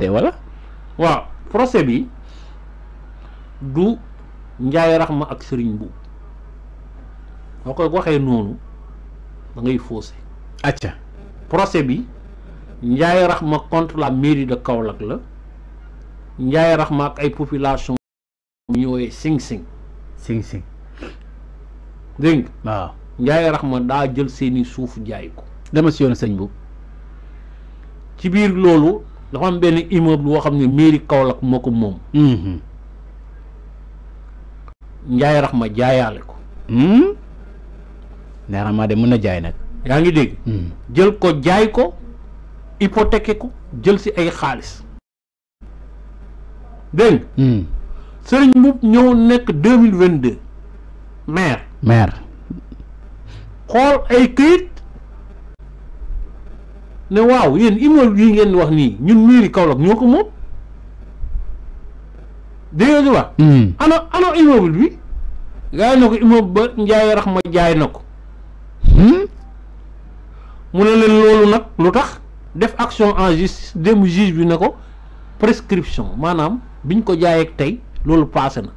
de waaw procès bi du njaay rax ma ak sëriñ bu boo koy waxee noonu da ngay faussé acca procès bi njaay ma contre la mairie de Kaolack la njaay raxma ak ay population ñëwee sing sing sing sing dégg nga waaw njaay raxma daa jël seeni suuf jaay ko dama si yoon sëñ bu ci biir loolu dafa am benn immeuble boo xam ne mairie Kaolack moo ko moom. Mhm. Ndiaye Rahma jaayaale ko. Hmm? Ndiaye Rahma de mën na jaay nag. yaa ngi dégg. Hmm. jël ko jaay ko hypothéqué ko jël si ay xaalis. dégg nga. Hmm. sëriñ Mboup ñëw nekk deux mille vingt deux maire. maire xool ay këyit. ne waaw yéen immeuble yi ngeen wax nii ñun miiri Kaolack ñoo ko moom dégg nga wax ano hmm. ano immeuble bi gaa yi njaay ma jaay na ko hmm? mu ne leen loolu nag lu tax def action en justice démb juge bi ne ko prescription maanaam biñ ko jaayee ak tey loolu passé na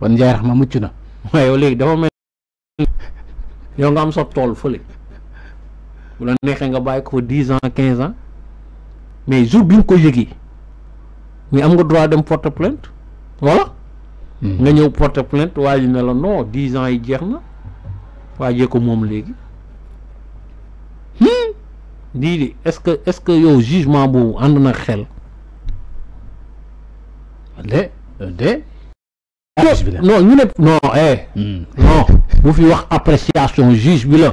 kon njaay rax ma mucc na waaye yow léegi dafa mel yow nga am sa tool fële Vous avez 10 ans 15 ans mais je suis ko mais am droit de porter plainte voilà. Hmm. nga peut porter plainte waa non dix ans yi na ko hmm. est-ce que est-ce que jugement boobu en na xel. de de. non non eh. Hmm. non bu fi appréciation juge bilan.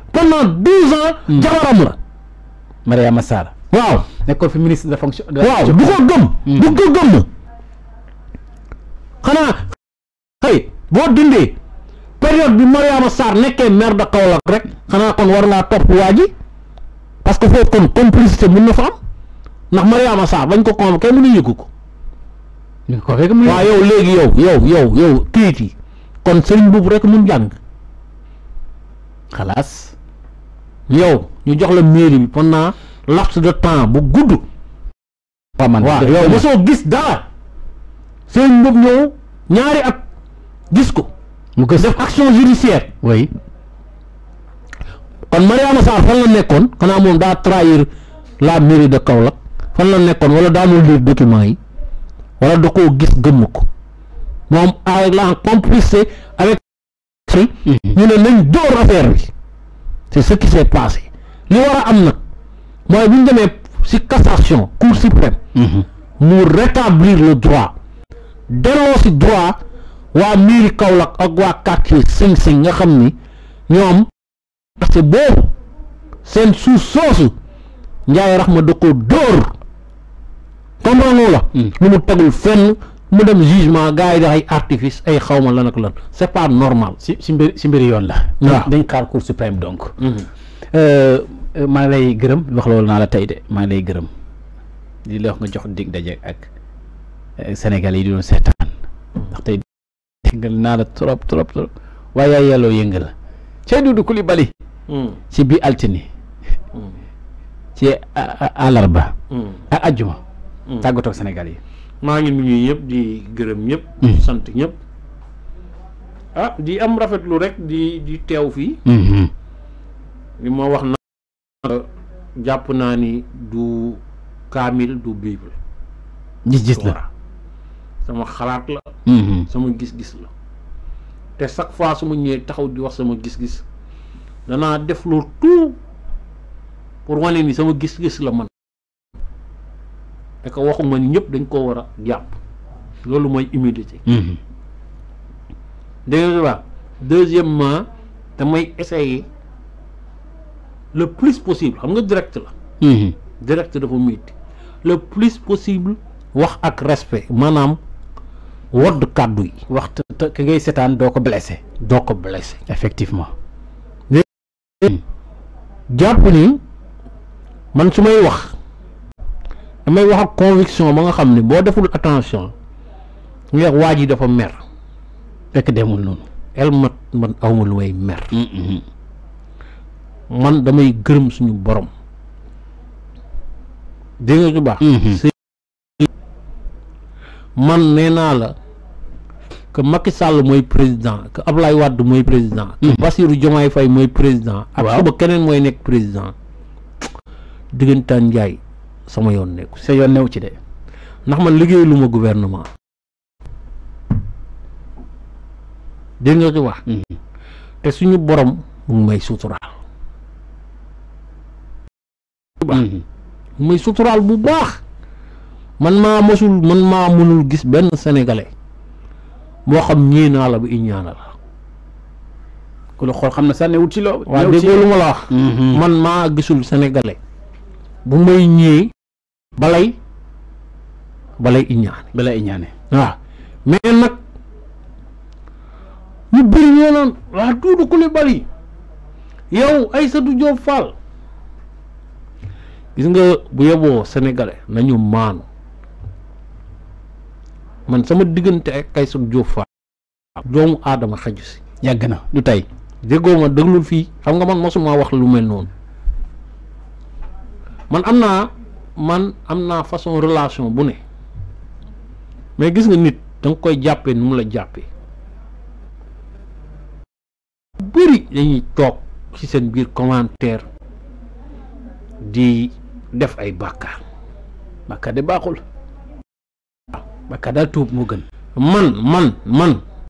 pendant douze ans hmm. jabaram la Mariama Sarr waaw nekkoon fi ministre de fonction waaw bu ko gëm bu hmm. ko gëm xanaa xëy boo dindee période bi Mariama Sarr nekkee maire de Kaolack rek xanaa kon war ngaa topp waa ji parce que foofu kon complicité mun na fa am ndax Mariama Sarr bañ ko convoqué mënuñ yëgu ko waaw yow léegi yow yow yow yow tiit yi kon sëriñ boobu rek mun jàng xalaas yow ñu jox la mairie bi pendant laps de temps bu gudd. waaw man yow mosoo gis dara seen mbëb ñëw ñaari at gis ko. mu gës def action judiciaire. oui kon Mariama Sarr fan la nekkoon xanaa moom daa trahir la mairie de Kaolack fan la nekkoon wala daanul lire document yi wala da koo gis gëmm ko moom avec la complicité avec. Mhm. ñu ne nañ door affaire bi. c'est ce qui s'est passé li war am nag mooy bu demee ci cassation cour suprême mhm. mu rétablir le droit delloo ci droit waa miiri Kaolack ak waa quartier Sing Sing nga xam ni ñoom parce boobu seen suuf soosu Ndiaye Rahma da ko dóor comprendre la mhm. lu tegul fenn mu dem jugement gars yi di ay artifice ay xawma lan ak lan c' est pas normal. si si mbir yoon la. waaw dañ xaar cour suprême donc. Mhm. Euh, maa ngi lay gërëm wax loolu naa la tey de maa ngi lay gërëm di la wax nga jox dig daje ak Sénégal yi di doon seetaan ndax tey yëngal naa la trop trop trop waaye yaay yàlloo yëngal cee Doudou Coulibaly mm. ci bi altini mm. ci àllarba ak mm. ajjuma tàggatoo ak Sénégal yi maa ngi nuyu ñëpp di gërëm ñëpp. di hmm. sant ñëpp. ah di am lu rek di di teew fii. Hmm. li ma wax na japp naa du kamil du bible. gis-gis la sama xalaat la. Hmm. sama gis-gis la. te chaque fois su ma taxaw di wax sama gis-gis danaa def lu tout pour wane ni sama gis-gis la man et que waxuma ni ñëpp dañ ko wara japp lolu moy humidité hmm deux nga deuxièmement deuxièmement moy essayer le plus possible xam nga direct la. Mhm. direct dafa mit le plus possible wax ak respect manam wodd kaddu yi. wax te ki ngay sétane doko blessé. doko blessé effectivement. japp ni man sumay wax. damay wax ak conviction ba nga xam ne boo deful attention ñu waa ji dafa mer fekk demul noonu mat man awma lu may mer mm-hmm. man damay gërëm suñu borom dégg nga ci baax mm-hmm. man nee naa la que Macky Sall mooy président ab laay wàdd mooy président que mm-hmm. Bassirou Diomaye Faye mooy président ak suba keneen mooy nekk président diggantaan Njaay sama yoon nekku sa yoon newu ci de ndax man liggéey lu ma gouvernement dégg nga ci wax mm-hmm. te suñu borom mu ngi may suturaal mm-hmm. mu bu baax man maa mosul man maa mënul gis benn sénégalais boo xam ñii naa la bu iñaana la ku la xool xam ne sànni wut ci loo waaw déggoo lu ma la wax mm-hmm. man maa gisul sénégalais bu may ñi balay balay iñaane balay iñaane wa mais nak ñu bëri ñoo naan waa ku bali yow du jof fal gis nga bu yeboo sénégalais nañu man man sama digënté ak Aïssatou Diop Fall doomu aadama xaju si yàgg na du tay degoma ma fi, xam nga man mosuma wax lu mel non man am naa man am naa façon relation bu ne mais gis nga nit danga koy jàppee nu mu la jàppee bëri lañuy toog ci seen biir commentaire di def ay bàkkaar bàkkaar de baaxul waaw bàkkaar daal tuub moo gën man man man